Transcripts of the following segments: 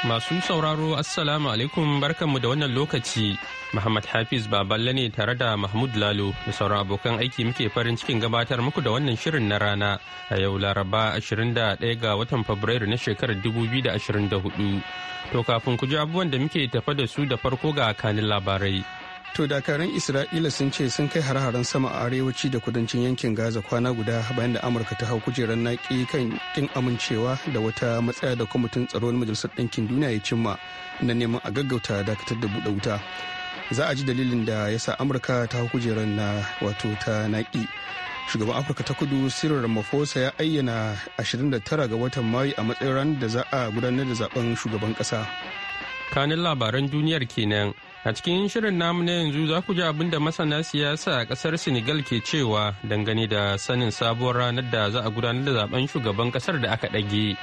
Masu sauraro Assalamu alaikum barkanmu da wannan lokaci. Muhammad Hafiz Baballe ne tare da Mahmud Lalo da sauran abokan aiki muke farin cikin gabatar muku da wannan shirin na rana a yau Laraba 21 ga watan Fabrairu na shekarar 2024. To kafin ku ji abubuwan da muke tafa da su da farko ga kanin labarai. To dakarun Isra'ila sun ce sun kai har-haren sama a arewaci da kudancin yankin Gaza kwana guda bayan da Amurka ta hau kujerar naƙi kan kin amincewa da wata matsaya da kwamitin tsaron majalisar ɗinkin duniya ya cimma na neman a gaggauta dakatar da buɗe wuta. Za a ji dalilin da ya sa Amurka ta hau kujerar na wato ta naƙi. Shugaban Afirka ta kudu Cyril Ramaphosa ya ayyana 29 ga watan Mayu a matsayin ranar da za a gudanar da zaben shugaban ƙasa. Kanin labaran duniyar kenan A cikin shirin namu na yanzu za ku ji abin da masana siyasa a kasar Senegal ke cewa dangane da sanin sabuwar ranar da za a gudanar da zaben shugaban kasar da aka ɗage.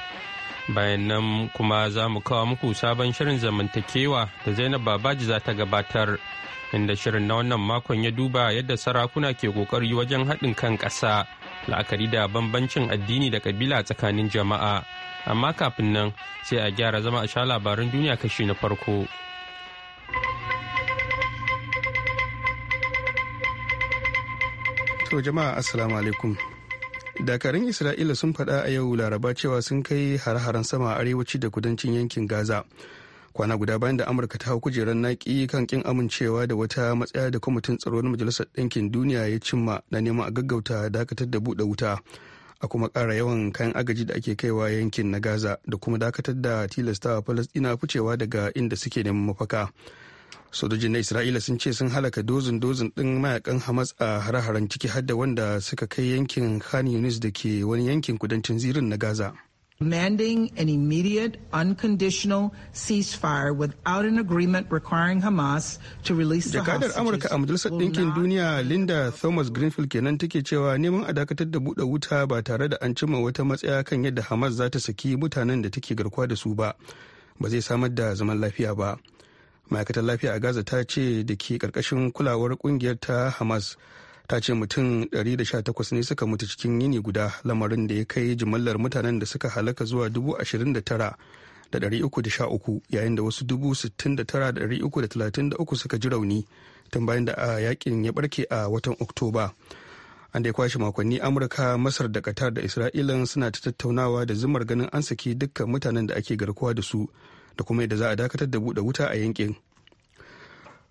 Bayan nan kuma za mu kawo muku sabon shirin zamantakewa da Zainab Babaji za ta gabatar. Inda shirin na wannan makon ya duba yadda sarakuna ke ƙoƙari wajen haɗin kan ƙasa, la'akari da bambancin addini da ƙabila tsakanin jama'a. Amma kafin nan sai a gyara zama a sha labaran duniya kashi na farko. To jama'a assalamu alaikum. Dakarun Isra'ila sun faɗa a yau laraba cewa sun kai har-haren sama a arewaci da kudancin yankin Gaza. Kwana guda bayan da Amurka ta hau kujerar naki kan kin amincewa da wata matsaya da kwamitin tsaro na Majalisar Ɗinkin Duniya ya cimma na neman a gaggauta dakatar da buɗe wuta. a kuma kara yawan kayan agaji da ake kaiwa yankin na gaza da kuma dakatar da tilastawa falasɗina ficewa daga inda suke neman mafaka sojojin na isra'ila sun ce sun halaka dozin dozin ɗin mayakan hamas a hare-haren ciki hadda wanda suka kai yankin khan yunis da ke wani yankin kudancin zirin na gaza demanding an immediate, unconditional ceasefire without an agreement requiring Hamas to release the Jakadar Amurka a Majalisar Ɗinkin Duniya Linda Thomas Greenfield kenan take cewa neman a dakatar da buɗe wuta ba tare da an cimma wata matsaya kan yadda Hamas za ta saki mutanen da take garkuwa da su ba ba zai samar da zaman lafiya ba. Ma'aikatar lafiya a Gaza ta ce da ke ƙarƙashin kulawar ƙungiyar ta Hamas ta ce mutum 118 ne suka mutu cikin yini guda lamarin da ya kai jimallar mutanen da suka halaka zuwa 29,313 yayin da wasu 69,333 suka ji rauni tun bayan da a yakin ya barke a watan oktoba an da ya kwashe makonni amurka masar da qatar da isra'ila suna ta tattaunawa da zumar ganin an saki dukkan mutanen da ake garkuwa da su da kuma yadda za a dakatar da buɗe wuta a yankin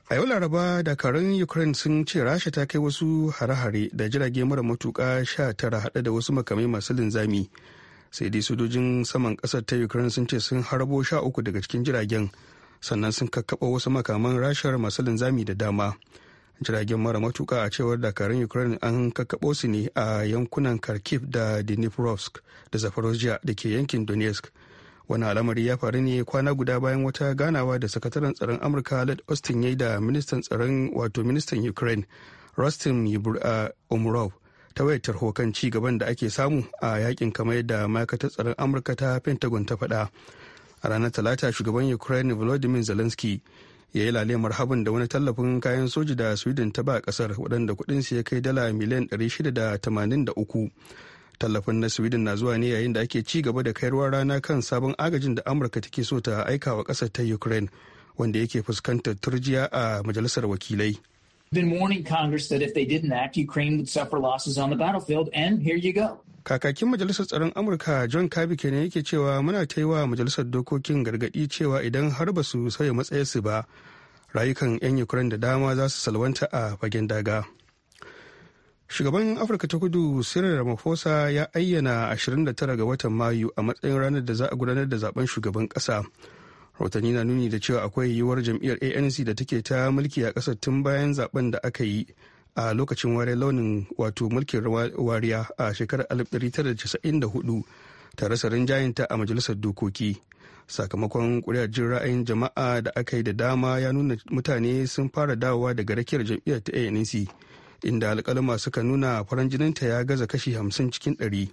a yau laraba dakarun ukraine sun ce rasha ta kai wasu hare-hare da jirage mara matuka sha tara hada da wasu makamai masu linzami sai dai sojojin saman kasar ta ukraine sun ce sun harbo sha uku daga cikin jiragen sannan sun kakkaɓa wasu makaman rashar masu linzami da dama jiragen mara matuka a cewar dakarun ukraine an kakkaɓo su ne a yankunan kharkiv da dnipropetrovsk da zaporozhia da ke yankin donetsk wani al'amari ya faru ne kwana guda bayan wata ganawa da sakataren tsaron amurka led austin ya yi da ministan tsaron wato ministan ukraine rustin umrov ta wayar tarho kan ci gaban da ake samu a yakin kamar da ma'aikatar tsaron amurka ta pentagon ta faɗa a ranar talata shugaban ukraine volodymyr zelensky ya yi lalemar habin da wani tallafin kayan soji da sweden ta ba kasar waɗanda kuɗinsu ya kai dala miliyan 683 tallafin na sweden na zuwa ne yayin da ake ci gaba da kairuwa rana kan sabon agajin da amurka take so ta aika wa kasar ta ukraine wanda yake fuskantar turjiya a majalisar wakilai been warning Congress that if they didn't act, Ukraine would suffer losses on the battlefield, and here you go. Kakakin Majalisar Tsaron Amurka John Kirby kenan yake cewa muna ta yi wa Majalisar Dokokin gargadi cewa idan har ba su sauya matsayarsu ba, rayukan 'yan Ukraine da dama za su salwanta a fagen daga. shugaban afirka ta kudu cyril ramaphosa ya ayyana 29 ga watan mayu a matsayin ranar da za a gudanar da zaben shugaban kasa rahotanni na nuni da cewa akwai yiwuwar jam'iyyar anc da take ta mulki a kasar tun bayan zaben da aka yi a lokacin ware launin wato mulkin wariya a shekarar 1994 tare rasa rinjayenta a majalisar dokoki sakamakon kuri'ar ra'ayin jama'a da aka yi da dama ya nuna mutane sun fara dawowa daga rakiyar jam'iyyar ta anc inda alkalama suka nuna farin jininta ya gaza kashi hamsin cikin ɗari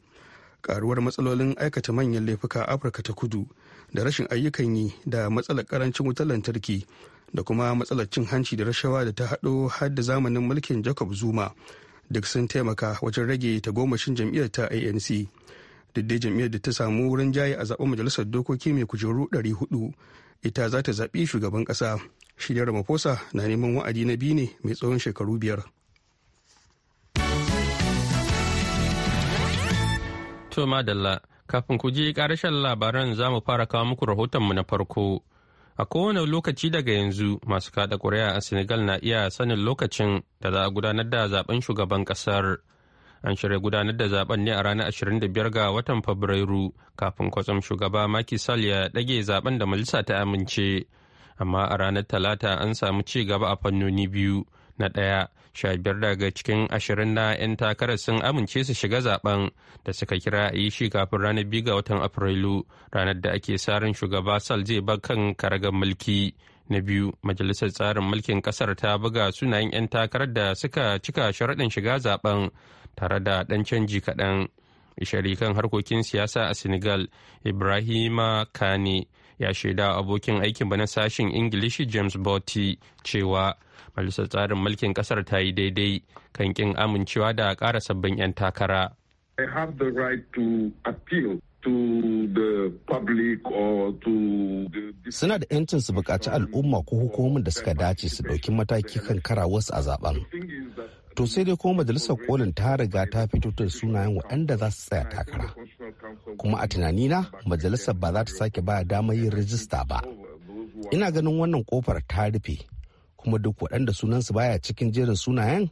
karuwar matsalolin aikata manyan laifuka a afirka ta kudu da rashin ayyukan yi da matsalar karancin wutar lantarki da kuma matsalar cin hanci da rashawa da ta haɗo har da zamanin mulkin jacob zuma duk sun taimaka wajen rage ta tagomashin jam'iyyar ta anc daidai jam'iyyar da ta samu wurin jaye a zaben majalisar dokoki mai kujeru 400 ita za ta zaɓi shugaban ƙasa shirya ramaphosa na neman wa'adi na biyu ne mai tsawon shekaru biyar To madalla, kafin ku ji ƙarashen labaran za mu fara kawo muku rahotonmu na farko. A kowane lokaci daga yanzu masu kaɗa ƙuri'a a Senegal na iya sanin lokacin da za a gudanar da zaben shugaban ƙasar. An shirya gudanar da zaben ne a ranar 25 ga watan Fabrairu kafin kwatsam shugaba Macky Sall ya ɗage zaben da majalisa ta amince. Amma a ranar Talata an samu ci gaba a fannoni biyu. Na ɗaya, sha biyar daga cikin ashirin na 'yan takarar sun amince su shiga zaben da suka kira a yi shi kafin ranar biyu ga watan afrilu ranar da ake sarin shugaba sal zai bar kan karagar mulki na biyu majalisar tsarin mulkin kasar ta buga sunayen 'yan takarar da suka cika sharaɗin shiga zaben tare da ɗan canji kaɗan sharikan harkokin siyasa a senegal ibrahima kane ya shaida abokin aikin na sashen ingilishi james botti cewa majalisar tsarin mulkin kasar ta yi daidai kan kin amincewa da ƙara sabbin 'yan takara. I have the right to appeal Suna da 'yancin su bukaci al'umma ko hukumomin da suka dace su ɗauki mataki kan kara wasu a zaben. To sai dai kuma majalisar kolin ta riga ta fito da sunayen waɗanda za su tsaya takara. Kuma a tunanina majalisar ba za ta sake ba damar yin rijista ba. Ina ganin wannan kofar ta rufe kuma duk waɗanda sunansu baya cikin jerin sunayen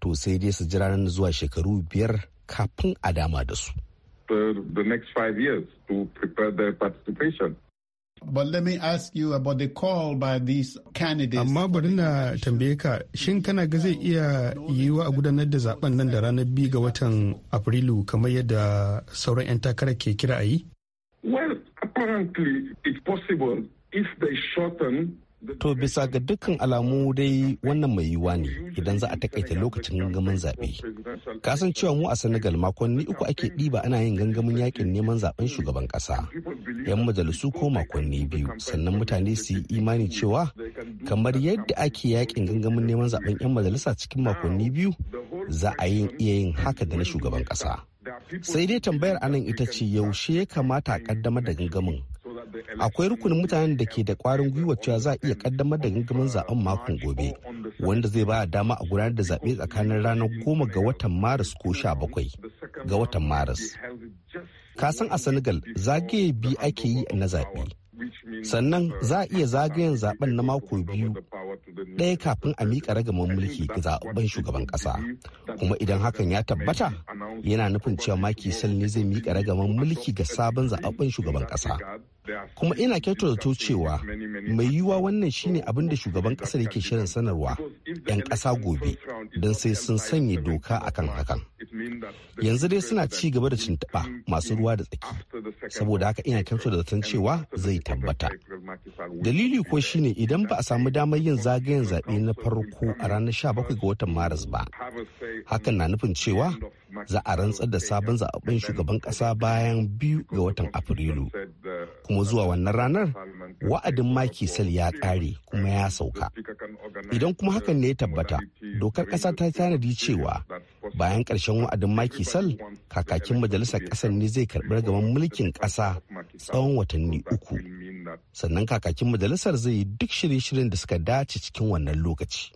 to sai dai su jira nan zuwa shekaru biyar kafin a dama da su. The next five years to prepare their participation. But let me ask you about the call by these candidates. Amma bari na tambaye ka, shin kana ga zai iya yiwuwa a gudanar da zaben nan da ranar biyu ga watan Afrilu kamar yadda sauran 'yan takara ke kira a yi? Well, apparently it's possible if they shorten To bisa ga dukkan alamu dai wannan mai yiwuwa ne idan za a takaita lokacin gangamin zaɓe. Kasan cewa mu a Senegal makonni uku ake ɗiba ana yin gangamin yakin neman zaben shugaban ƙasa. 'Yan majalisu ko makonni biyu sannan mutane su yi imani cewa kamar yadda ake yakin gangamin neman zaɓen 'yan majalisa cikin makonni biyu za a yi iya yin haka da na shugaban ƙasa. Sai dai tambayar anan ita ce yaushe ya kamata a ƙaddamar da gangamin akwai rukunin mutanen da ke da kwarin gwiwa cewa za a iya kaddamar da gangamin zaben makon gobe wanda zai ba dama a gudanar da zaɓe tsakanin ranar goma ga watan maris ko sha bakwai ga watan maris kasan a senegal zagaye biyu ake yi na zaɓe sannan za a iya zagayen zaben na mako biyu ɗaya kafin a mika ragaman mulki ga zaɓen shugaban ƙasa kuma idan hakan ya tabbata yana nufin cewa maki sal ne zai mika ragaman mulki ga sabon zaɓen shugaban ƙasa kuma ina kyautar cewa mai yiwuwa wannan shine abin da shugaban kasar yake shirin sanarwa 'yan ƙasa gobe don sai sun sanya doka akan hakan yanzu dai suna ci gaba da cintaɓa masu ruwa da tsaki saboda haka ina kyautar da zaton cewa zai tabbata dalili ko shine idan ba a samu damar yin zagayen zaɓe na farko a ranar 17 ga watan maris ba hakan na nufin cewa za a rantsar da sabon zaɓen shugaban ƙasa bayan biyu ga watan Afrilu. Kuma zuwa wannan ranar, wa'adin Maki ya ƙare kuma ya sauka. Idan kuma hakan ne ya tabbata, dokar ƙasa ta tanadi cewa bayan ƙarshen wa'adin Maki kakakin majalisar ƙasar ne zai karɓi gaban mulkin ƙasa tsawon watanni uku. Sannan kakakin majalisar zai yi duk shirye-shiryen da suka dace cikin wannan lokaci.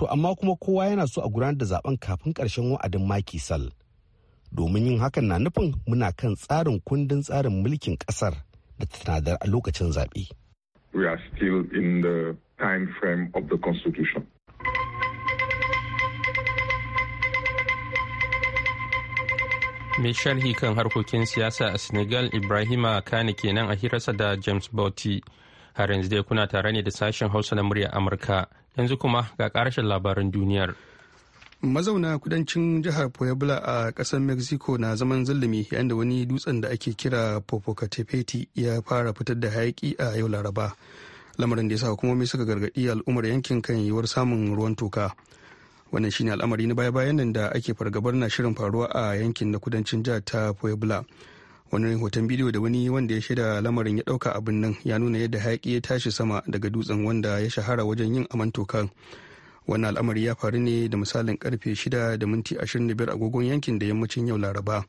to amma kuma kowa yana so a gudanar da zaben kafin ƙarshen wa'adin makisal domin yin hakan na nufin muna kan tsarin kundin tsarin mulkin ƙasar da tanadar a lokacin zaɓe. We are still in the time frame of the constitution. mai sharhi kan harkokin siyasa a senegal ibrahima kane kenan a hirarsa da james bauti har yanzu dai kuna tare ne da sashen hausa na murya amurka yanzu kuma ga ƙarashin labaran duniyar mazauna kudancin jihar puebla a ƙasar mexico na zaman zulumi yayin wani dutsen da ake kira popocatepeti ya fara fitar da hayaki a yau laraba lamarin da ya sa hukumomi suka gargaɗi al'ummar yankin kan yiwuwar samun ruwan toka wannan shine al'amari na baya-bayan da ake fargabar na shirin faruwa a yankin na kudancin jihar ta puebla wani hoton bidiyo da wani wanda ya shaida lamarin ya dauka abin nan ya nuna yadda hayaki ya tashi sama daga dutsen wanda ya shahara wajen yin aman tokan wannan al'amari ya faru ne da misalin karfe 6 da minti 25 agogon yankin da yammacin yau laraba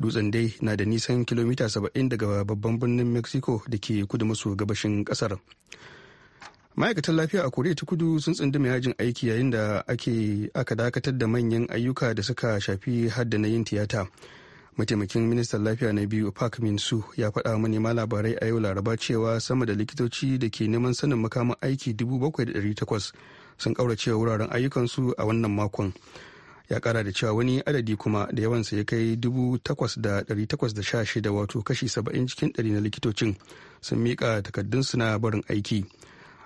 dutsen dai na da nisan kilomita 70 daga babban birnin mexico da ke kudu maso gabashin kasar ma'aikatan lafiya a koriya ta kudu sun tsunduma yajin aiki yayin da aka dakatar da manyan ayyuka da suka shafi hadda na yin tiyata mataimakin ministan lafiya na biyu park min su ya faɗa manema labarai a yau laraba cewa sama da likitoci da ke neman sanin makaman aiki 7,800 sun kauracewa wuraren ayyukansu a wannan makon ya kara da cewa wani adadi kuma da yawansa ya kai 8,816 wato kashi 70 cikin 100 na likitocin sun miƙa takardunsu na barin aiki.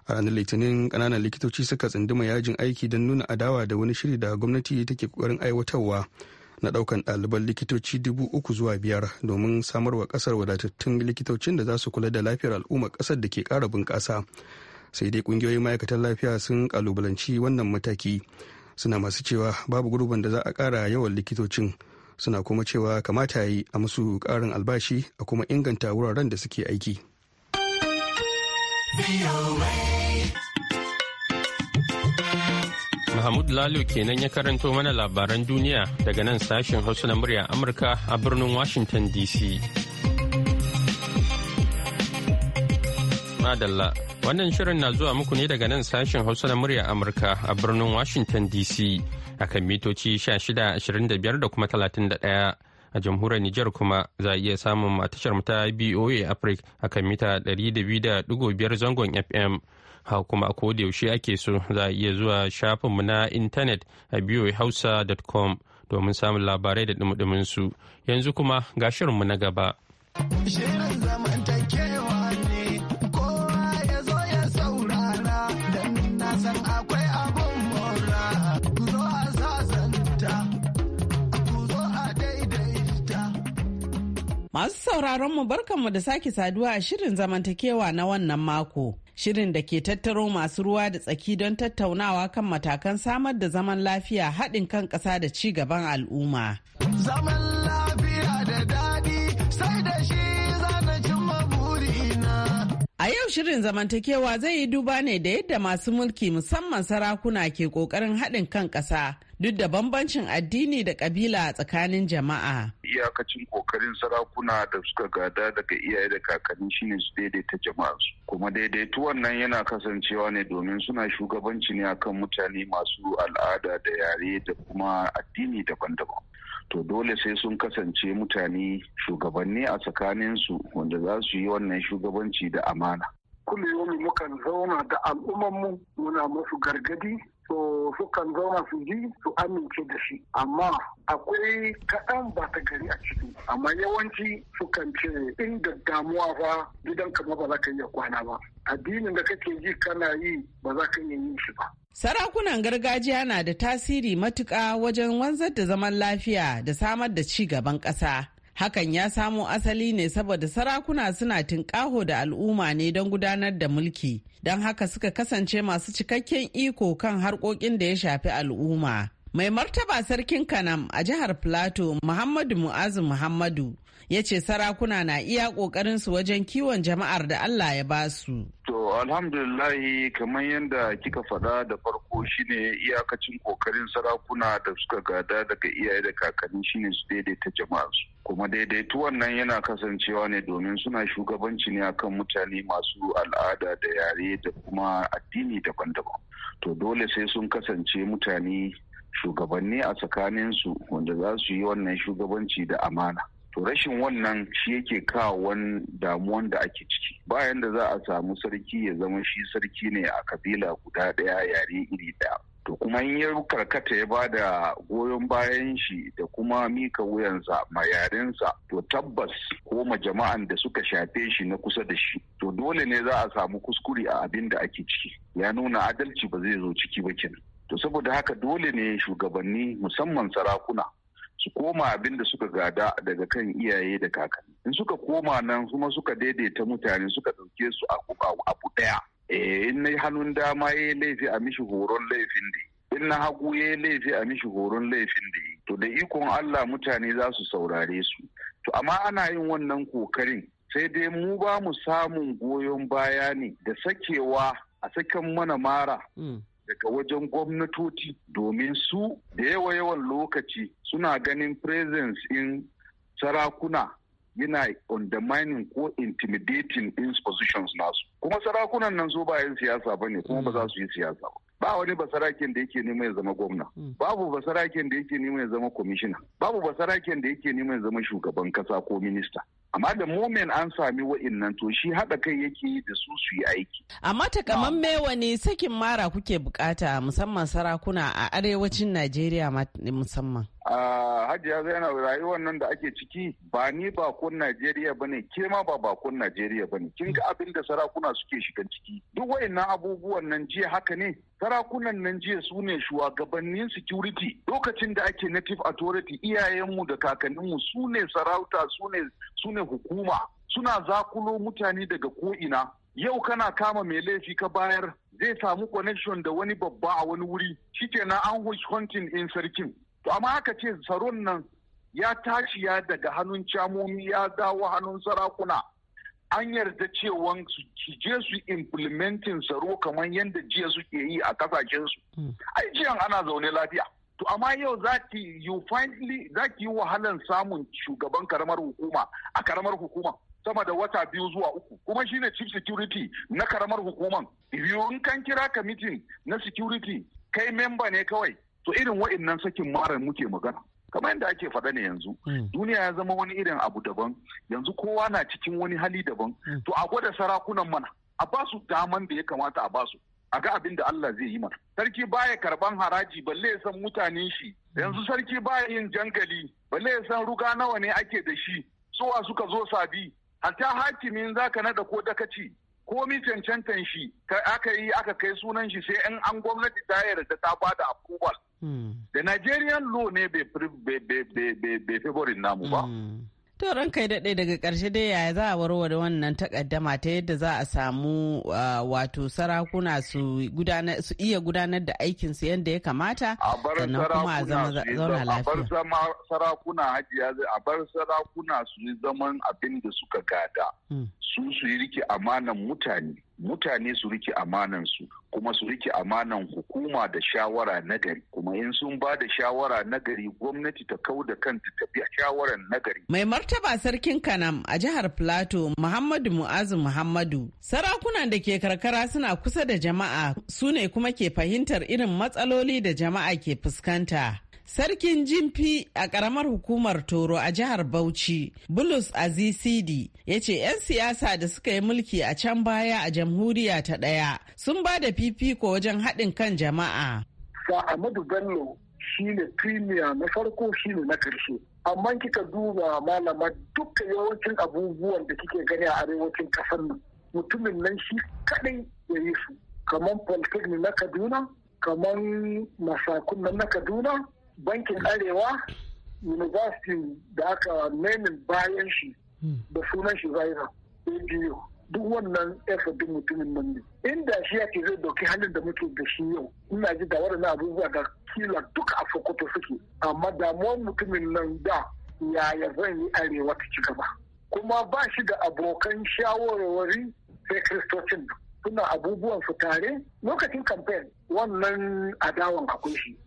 a ranar litinin kananan likitoci suka tsunduma yajin aiki don nuna adawa da wani shiri da gwamnati take kokarin aiwatarwa na daukan ɗaliban likitoci dubu uku zuwa biyar domin samar wa ƙasar wadatattun likitocin da za su kula da lafiyar al'umma ƙasar da ke ƙara bunƙasa sai dai ƙungiyoyin ma'aikatan lafiya sun ƙalubalanci wannan mataki suna masu cewa babu gurbin da za a ƙara yawan likitocin suna kuma cewa kamata ya yi a musu ƙarin albashi a kuma inganta wuraren da suke aiki. Mahmud lalu kenan ya karanto mana labaran duniya daga nan sashen Hausa na murya Amurka a birnin Washington DC. Madalla, wannan shirin na zuwa muku ne daga nan sashen Hausa na murya Amurka a birnin Washington DC a kan mitoci 1625 da kuma 31. A jamhuriyar Nijar kuma za a iya samun matashar ta BOA Africa a kan mita 200.5 zangon FM. ha kuma a yaushe ake so za a iya zuwa shafinmu na intanet a voahausa.com domin samun labarai da dumudumin su yanzu kuma ga shirinmu na gaba. Shirin zamantakewa ne kowa ya saurara don na abun a daidaita. Masu sauraron mu barkanmu da sake saduwa a shirin zamantakewa na wannan mako. shirin da ke tattaro masu ruwa da tsaki don tattaunawa kan matakan samar da zaman lafiya haɗin kan ƙasa da ci gaban al'umma. yau shirin zamantakewa zai yi duba ne da yadda masu mulki musamman sarakuna ke kokarin haɗin kan ƙasa duk da bambancin addini da ƙabila a tsakanin jama'a. Iyakacin kokarin sarakuna da suka gada daga iyaye da kakanni shine su daidaita jama'arsu. Kuma daidaitu wannan yana kasancewa ne domin suna shugabanci ne akan mutane masu al'ada da yare da kuma addini daban-daban. to dole sai sun kasance mutane shugabanni a tsakaninsu wanda za su yi wannan shugabanci da amana. kullum mukan zauna da al'ummanmu muna masu gargadi so sukan zauna su ji su amince da shi amma akwai kaɗan ba ta gari a ciki amma yawanci sukan ce inda damuwa ba gidan kama ba za ka iya kwana ba addinin da kake ji kana yi ba za ka iya yin shi ba Sarakunan gargajiya na da tasiri matuƙa wajen wanzar da zaman lafiya da samar da ci gaban ƙasa. Hakan ya samo asali ne saboda sarakuna suna tunƙaho da al'umma ne don gudanar da mulki, don haka suka kasance masu cikakken iko kan harkokin da ya shafi al'umma. Mai martaba sarkin Kanam a jihar Plateau Muhammadu Mu'azu Muhammadu ya ce sarakuna na iya ƙoƙarin su wajen kiwon jama'ar da Allah ya ba su. To alhamdulillahi kamar yadda kika faɗa da farko shine iyakacin kokarin sarakuna da suka gada daga iyaye da kakanni shine su daidaita jama'ar su Kuma daidaitu wannan yana kasancewa ne domin suna shugabanci ne akan mutane masu al'ada da yare da kuma addini daban-daban. To dole sai sun kasance mutane shugabanni a tsakaninsu wanda za su yi wannan shugabanci da amana. to rashin wannan shi yake kawo wani damuwan da ake ciki bayan da za a samu sarki ya zama shi sarki ne a kabila guda ɗaya yare iri ɗaya to kuma in ya karkata ya ba da goyon bayan shi da kuma mika wuyansa ma yarensa to tabbas ko ma jama'an da suka shafe shi na kusa da shi to dole ne za a samu kuskure a abin da ake ciki ya nuna adalci ba zai zo ciki ba kenan to saboda haka dole ne shugabanni musamman sarakuna su koma abin da suka gada daga kan iyaye da kakanni in suka koma nan kuma suka daidaita mutane suka ɗauke su abu ɗaya eh, in na hannun dama ya yi laifi a mishi horon laifin da in na hagu ya yi laifi a mishi horon laifin da to da ikon Allah mutane za su saurare su to amma ana yin wannan kokarin sai dai mu ba mu samun goyon baya ne da sakewa a sakan mana mara hmm. daga wajen gwamnatoci domin su da yawa yawan lokaci suna ganin presence in sarakuna yana undermining ko intimidating in positions nasu kuma sarakunan nan zo ba yin siyasa ba ne kuma ba za su yi siyasa ba ba wani basaraken da yake neman ya zama gwamna hmm. babu basaraken da yake neman ya zama kwamishina babu basaraken da yake neman ya zama shugaban kasa ko minista amma da moment an sami wa'innan to shi haɗa kai yake yi da su su yi aiki amma takamamme wani sakin mara kuke bukata musamman sarakuna a arewacin najeriya musamman hajiya zainab rayuwar nan da ake ciki ba ni bakon najeriya ba ne ke ma ba bakon najeriya ba ne kin ga abin da sarakuna suke shiga ciki duk wayannan abubuwan nan jiya haka ne sarakunan nan jiya su ne shugabannin security lokacin da ake native authority iyayenmu da kakanninmu su ne sarauta su ne hukuma suna zakulo mutane daga ko'ina yau kana kama mai laifi ka bayar zai samu connection da wani babba a wani wuri shikenan an hunting in sarkin to amma aka ce tsaron nan ya tashi ya daga hannun camomi ya dawo hannun sarakuna an yarda cewa su je su implementin tsaro kamar yadda jiya suke yi a kasashensu hmm. ai jiyan ana zaune lafiya to amma yau za ki yi wahalan samun shugaban karamar hukuma a karamar hukuma sama da wata biyu zuwa uku kuma shine chief security na karamar hukuman in kan kira na security kai memba ne kawai To irin wa'innan sakin mara muke magana kamar yadda ake faɗa ne yanzu hmm. duniya ya zama wani irin abu daban yanzu kowa na cikin wani hali daban hmm. to a gwada sarakunan mana a ba su daman da ya kamata a ba su. a ga abin da Allah zai yi mana sarki baya karban haraji balle ya san mutanen shi hmm. yanzu sarki baya yin jangali balle ya san ruga nawa ne ake da shi suwa suka zo sabi hatta hakimin zaka nada ko dakaci komi cancantan shi aka yi aka kai sunan shi sai in an gwamnati ta yarda ta bada approval Da mm. Nigerian law ne bai favorin namu ba. Mm. To ran kai daɗe daga ƙarshe dai yaya za a warware wannan takaddama ta yadda za a samu uh, wato sarakuna su iya gudanar da aikinsu yadda ya kamata sannan kuma a zama zauna lafiya. A bar sarakuna hajiya a bar sarakuna su yi zaman abin da suka gada. Mm. Su su yi rike amanan mutane. mutane su rike amanansu kuma su rike amanan hukuma da shawara nagari kuma in sun ba da shawara nagari gwamnati ta kau da kanta ta biya shawaran nagari. mai martaba sarkin kanam a jihar plateau muhammadu mu'azu muhammadu sarakunan da ke karkara suna kusa da jama'a su ne kuma ke fahimtar irin matsaloli da jama'a ke fuskanta Sarkin Jimfi a ƙaramar hukumar Toro a jihar Bauchi, Bulus Azisidi, ya ce 'yan siyasa da suka yi mulki a can baya a jamhuriya ta ɗaya sun ba da fifiko wajen haɗin kan jama'a. Sa'amadu Bello shi ne premier na farko shi ne na ƙarshe. Amma kika duba malama duka yawancin abubuwan da kike gani a arewacin ƙasar nan. Mutumin nan shi kaɗai ya yi su. Kamar Polytechnic na Kaduna, kamar Masakun na Kaduna, bankin arewa university da aka menin bayan shi hmm. da sunan shi zaira APU duk wannan efodin mutumin nan ne inda shi yake zai dauki halin da muke da shi yau ina ji da waɗannan abubuwa da kila duk a sokoto suke amma damuwar mutumin nan da yaya zan yi arewa ta ci gaba kuma ba shi da abokan shawarwari sai kristocin suna abubuwan su tare lokacin kamfen wannan adawan akwai shi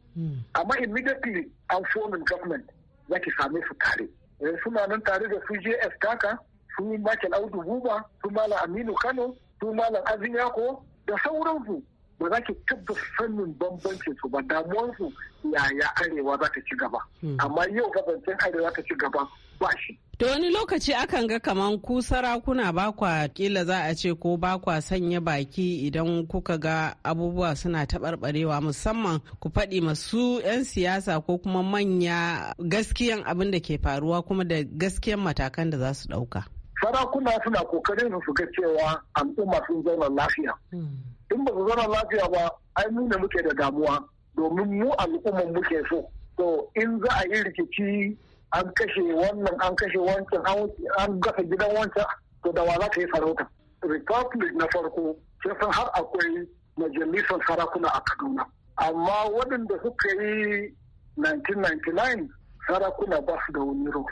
amma immediately an fomin government ya ki same su tare eh, suna nan tare da su js taka su michael audu buba su malam aminu kano su malam azin yako da sauransu ba za ki tabbata sanin bambancin su ba damuwansu yaya arewa za ta ci gaba hmm. amma yau gabancin arewa ta ci gaba ba shi To wani lokaci akan ga kaman ku sarakuna ba kwa kila za a ce ko ba kwa sanya baki idan kuka ga abubuwa suna taɓarɓarewa musamman ku faɗi masu 'yan siyasa ko kuma manya gaskiyan abin da ke faruwa kuma da gaskiyan matakan da za su ɗauka. Sarakuna suna kokarin su ga cewa al'umma sun zauna lafiya. Hmm. In ba su zauna lafiya ba, ai mu ne muke da damuwa domin mu al'umman muke so. To in za a yi rikici an kashe wannan an kashe wancan an gasa gidan wancan to da wa za ka yi sarauta republic na farko sai san har akwai majalisar sarakuna a kaduna amma waɗanda suka yi 1999 sarakuna ba su da wani rol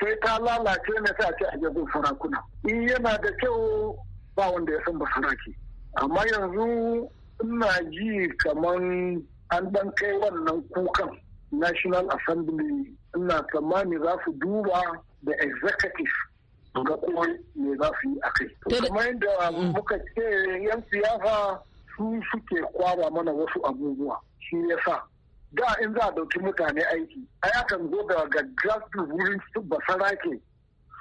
sai ta lalace ne sai a ce a jagon sarakuna in yana da kyau ba wanda ya san ba saraki amma yanzu ina ji kamar an ɗan kai wannan kukan national assembly ina tsammani za su duba da executive ga kuma me za su yi a kai. Kamar yadda mm. muka ce yan siyasa su suke kwaba mana wasu abubuwa shi sa. da in za a ɗauki mutane aiki ayakan yakan zo da gaggas wurin su basarake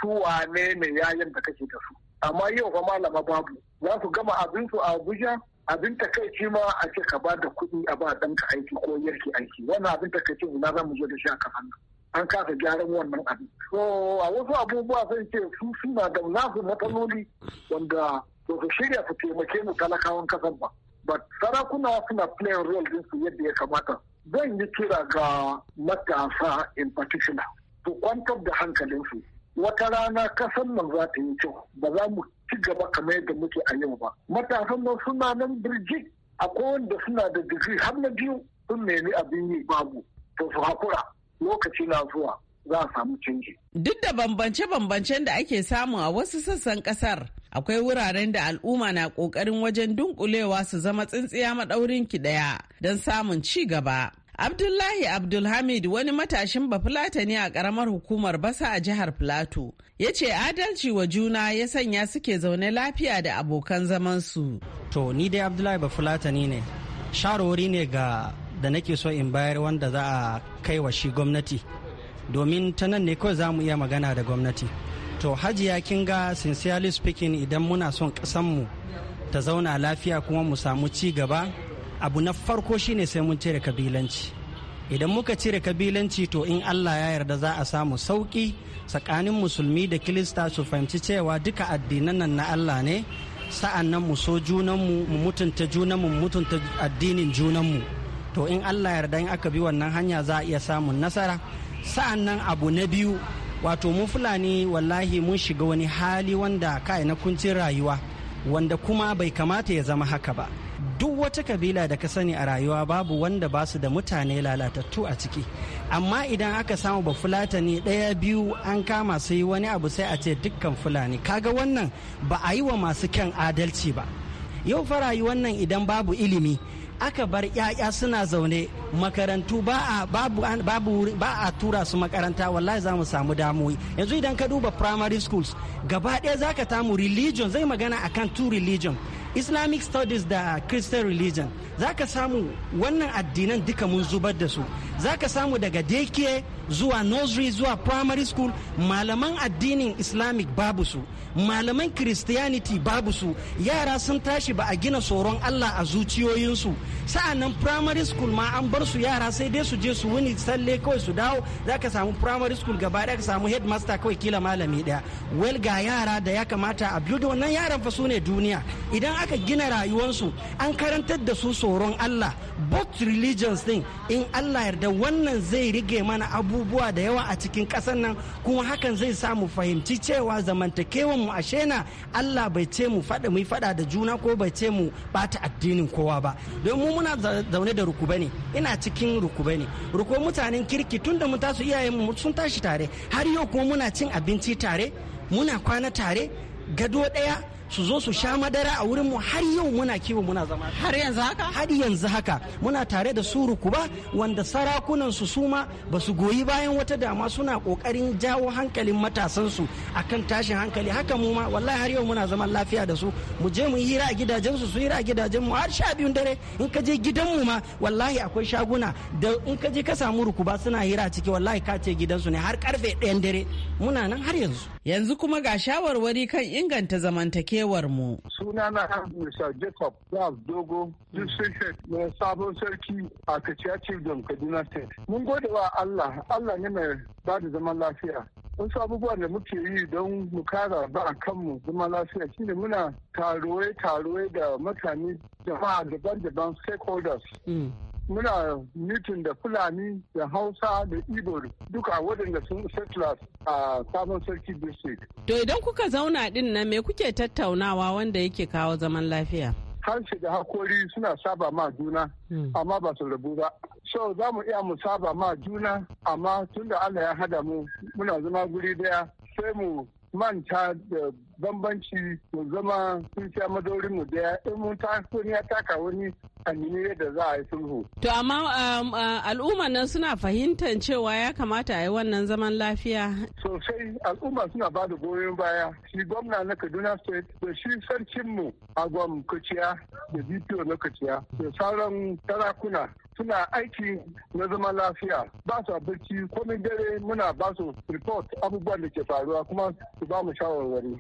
su wane ne yayin da kake da su amma yau fa malama babu za su gama abin su a abuja abin takaici ma a ce ka ba da kuɗi a ba ɗanka aiki ko yarki aiki wannan abin takaici na za mu zo da shi a kafan nan an kasa gyaran wannan abin. So a wasu abubuwa sun ce su suna da nasu matsaloli wanda ba su shirya su taimake mu talakawan kasar ba. But sarakuna suna playing role su yadda ya kamata. Zan yi kira ga matasa in particular su kwantar da hankalinsu. Wata rana kasan nan za ta yi kyau ba za mu ci gaba kamar yadda muke a yau ba. Matasan nan suna nan birji akwai wanda suna da digiri har na biyu sun nemi abin yi babu to su hakura. lokaci na zuwa za a samu canji. Duk da bambance-bambancen da ake samu a wasu sassan kasar, akwai wuraren da al'umma na ƙoƙarin wajen dunƙulewa su zama tsintsiya maɗaurin ki ɗaya don samun ci gaba. Abdullahi Abdulhamid wani matashin bafulata ne a ƙaramar hukumar basa a jihar Filato. Ya ce adalci wa juna ya sanya suke zaune lafiya da abokan zamansu. To, ni dai Abdullahi ne ne, sharori ne ga da nake so in bayar wanda za a kai wa shi gwamnati domin ta nan ne kawai za mu iya magana da gwamnati to hajiya kin ga sincerely speaking idan muna son mu ta zauna lafiya kuma mu samu ci gaba abu na farko shine sai mun cire kabilanci idan muka cire kabilanci to in allah ya yarda za a samu sauki tsakanin musulmi da kilista su fahimci cewa duka addinan nan na allah ne sa'an nan mu so junanmu mu mutunta junanmu mu mutunta addinin junanmu to in allah yarda in aka bi wannan hanya za a iya samun nasara sa'an nan abu na biyu wato mu fulani wallahi mun shiga wani hali wanda kai na kuncin rayuwa wanda kuma bai kamata ya zama haka ba duk wata kabila da ka sani a rayuwa babu wanda ba su da mutane lalatattu a ciki amma idan aka samu ba ne ɗaya biyu an kama su yi wani abu sai a ce dukkan fulani kaga wannan ba a yi wa masu kyan adalci ba yau fa rayuwar nan idan babu ilimi aka bar 'ya'ya suna zaune makarantu ba a babu babu ba a tura su makaranta wallahi za mu samu damuwi yanzu idan ka duba primary schools gaba ɗaya za ka tamu religion zai magana akan two religion islamic studies da christian religion za ka samu wannan addinan duka mun zubar da su za ka samu daga daycare zuwa nursery zuwa primary school malaman addinin islamic babu su malaman christianity babu su yara sun tashi ba a gina tsoron allah a zuciyoyinsu nan primary school ma an bar su yara sai dai su je su wuni tsalle kawai su dawo za ka samu primary school gaba daya ka samu headmaster kawai kila malami daya wel ga yara da ya kamata a biyu da wannan yaran fa su ne duniya idan aka gina rayuwarsu an karantar da su tsoron allah both religions din in allah yarda wannan zai rige mana abu abubuwa da yawa a cikin ƙasar nan kuma hakan zai sa mu fahimci cewa zamantakewan mu ashe na Allah bai ce mu faɗa mu faɗa da juna ko bai ce mu bata addinin kowa ba don mu muna zaune da rukuba ne ina cikin rukuba ne ruko mutanen kirki tunda mu tasu iyayen mu sun tashi tare har yau kuma muna cin abinci tare muna kwana tare gado ɗaya su zo su sha madara a wurin mu har yau muna kiwo muna zama har yanzu haka har yanzu haka muna tare da su rukuba wanda sarakunan su suma ba su goyi bayan wata dama suna kokarin jawo hankalin matasan su akan tashin hankali haka mu ma wallahi har yau muna zaman lafiya da su mu je mu hira a gidajen su su hira a gidajen mu har sha biyun dare in ka je gidan mu ma wallahi akwai shaguna da in ka je ka samu rukuba suna hira ciki wallahi ka ce gidansu ne har karfe ɗayan dare muna nan har yanzu yanzu kuma ga shawarwari kan inganta zamantakewa zamantakewarmu. Suna na Mr. Jacob Ralph Dogo, District na sabon sarki a Kaciya Children Kaduna State. Mun gode wa Allah, Allah ne mai ba da zaman lafiya. Wasu abubuwan da muke yi don mu kara ba a kanmu zaman lafiya shine muna taruwe-taruwe da mutane jama'a daban-daban stakeholders. Mm. muna mitin da fulani da hausa da ibori duka waɗanda sun settlers a sabon sarki district to idan kuka zauna din nan me kuke tattaunawa wanda yake kawo zaman lafiya harshe da hakori suna saba ma juna hmm. amma ba su rabu ba so za mu iya mu saba ma juna amma tunda allah ya hada mu muna zama guri daya sai mu manta da bambanci mu zama sun sha madaurin mu daya in mun ta ya taka wani hanyoyi da za a yi sulhu. To amma um, al'umma nan suna fahimtar cewa ya kamata a yi wannan zaman lafiya. Sosai al'umma suna ba da goyon baya. Shi gwamna na Kaduna State da shi sarkinmu a gwam Kaciya da bidiyo na Kaciya. da sauran sarakuna suna aiki na zaman lafiya ba su abinci komai dare muna ba su report abubuwan da ke faruwa kuma su ba mu shawarwari.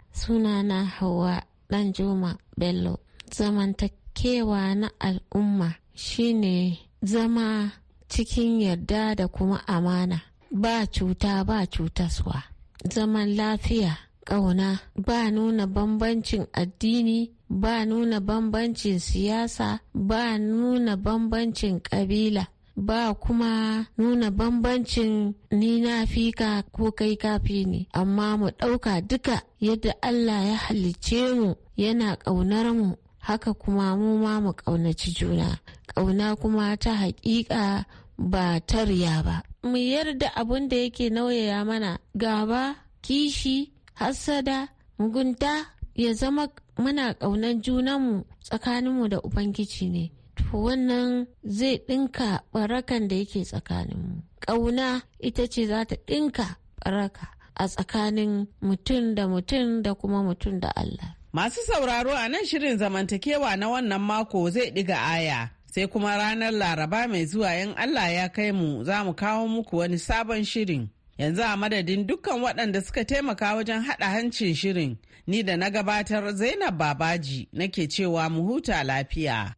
na hawa dan juma bello zamantakewa na al'umma shine zama cikin yarda da kuma amana ba cuta ba cutaswa zaman lafiya ƙauna ba nuna bambancin addini ba nuna bambancin siyasa ba nuna bambancin ƙabila ba kuma nuna bambancin ni na fi ko kai kafi ne amma mu ɗauka duka yadda Allah ya halicce mu yana ƙaunar mu haka kuma mu ma mu ƙaunaci juna ƙauna kuma ta haƙiƙa ba tarya ba mu yarda abun da yake nauyaya mana gaba kishi hassada mugunta ya zama muna ƙaunar junanmu tsakaninmu da ubangiji ne to wannan zai ɗinka barakan da yake tsakaninmu ƙauna ita ce za ta ɗinka baraka a tsakanin mutum da mutum da kuma mutum da allah masu sauraro a nan shirin zamantakewa na wannan mako zai ɗiga aya sai kuma ranar laraba mai zuwa 'yan allah ya kai mu za mu kawo muku wani sabon shirin Yanzu a madadin dukkan waɗanda suka taimaka wajen haɗa hancin shirin, ni da na gabatar Zainab Babaji nake cewa mu huta lafiya.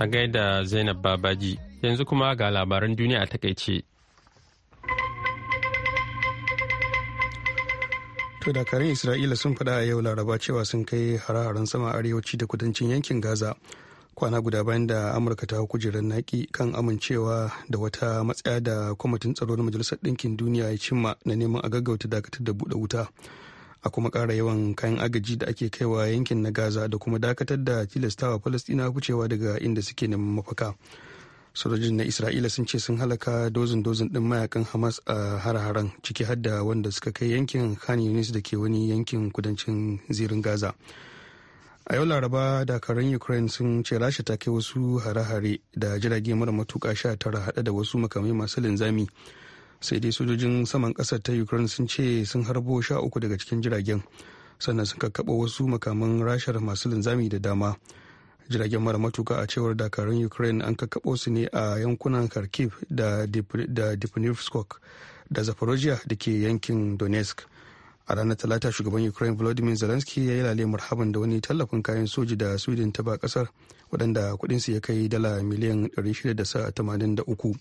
A gaida Zainab Babaji, yanzu kuma ga labaran duniya a takaice. To dakarun Isra'ila sun faɗa a yau laraba cewa sun kai hare-haren sama arewaci da kudancin yankin Gaza. kwana guda bayan da amurka ta kujerar naki kan amincewa da wata matsaya da kwamitin tsaro na majalisar ɗinkin duniya ya cimma na neman a gaggauta dakatar da buɗe wuta a kuma ƙara yawan kayan agaji da ake kaiwa yankin na gaza da kuma dakatar da tilastawa falastina kucewa daga inda suke neman mafaka sojojin na isra'ila sun ce sun halaka dozin dozin din mayakan hamas a har-haren ciki har wanda suka kai yankin khan yunis da ke wani yankin kudancin zirin gaza a yau laraba dakarun ukraine sun ce rasha ta kai wasu hare-hare da jirage mara matuka sha tara hada da wasu makamai masu linzami sai dai sojojin saman kasar ta ukraine sun ce sun harbo sha uku daga cikin jiragen sannan sun kakkaɓa wasu makaman rashar masu linzami da dama jiragen mara matuka a cewar dakarun ukraine an kakabo su ne a yankunan kharkiv da dnipropetrovsk da zaporozhia da ke yankin donetsk a ranar talata shugaban ukraine volodymyr zelensky ya yi lale marhaban da wani tallafin kayan soji da sweden ta ba kasar waɗanda kudinsu ya kai dala miliyan 683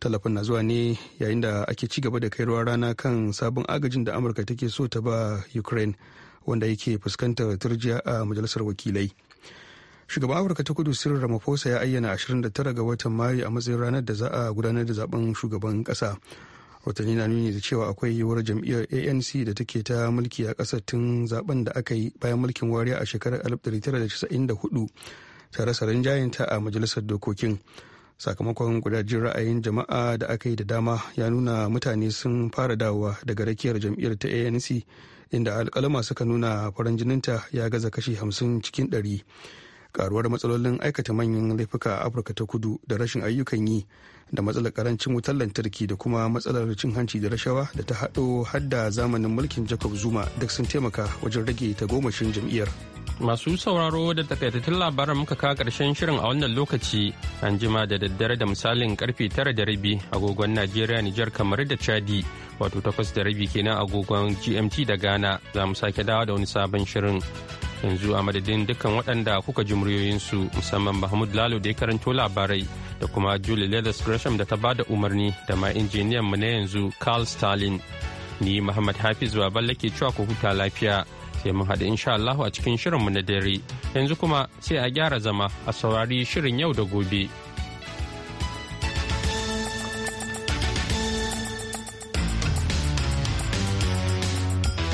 tallafin na zuwa ne yayin da ake ci gaba da kai ruwa rana kan sabon agajin da amurka take so ta ba ukraine wanda yake fuskantar turjiya a majalisar wakilai shugaban amurka ta kudu sirri ramaphosa ya ayyana 29 ga watan mayu a matsayin ranar da za a gudanar da zaben shugaban kasa watanni na nuni da cewa akwai yiwuwar jam'iyyar anc da take ta mulki a ƙasar tun zaben da aka yi bayan mulkin wariya a shekarar 1994 ta rasa rinjayenta a majalisar dokokin sakamakon gudajin ra'ayin jama'a da aka yi da dama ya nuna mutane sun fara dawowa daga rakiyar jam'iyyar ta anc inda alkalama suka nuna farin jininta ya gaza kashi 50 cikin 100 karuwar matsalolin aikata manyan laifuka a afirka ta kudu da rashin ayyukan yi da matsalar karancin wutar lantarki da kuma matsalar cin hanci da rashawa da ta haɗo hadda zamanin mulkin jacob zuma duk sun taimaka wajen rage tagomashin jam'iyyar masu sauraro da takaitattun labaran muka kawo karshen shirin a wannan lokaci an jima da daddare da misalin karfe tara da rabi agogon najeriya nijar kamar da chadi wato takwas da rabi kenan agogon gmt da ghana za mu sake dawa da wani sabon shirin yanzu a madadin dukkan waɗanda kuka ji muryoyinsu musamman mahmud lalo da ya karanto labarai da kuma julie leathers gresham da ta bada umarni da ma injiniyan mu na yanzu carl stalin ni muhammad hafiz baballe ke cewa ku huta lafiya sai mun haɗu insha allahu a cikin shirin mu na dare yanzu kuma sai a gyara zama a saurari shirin yau da gobe.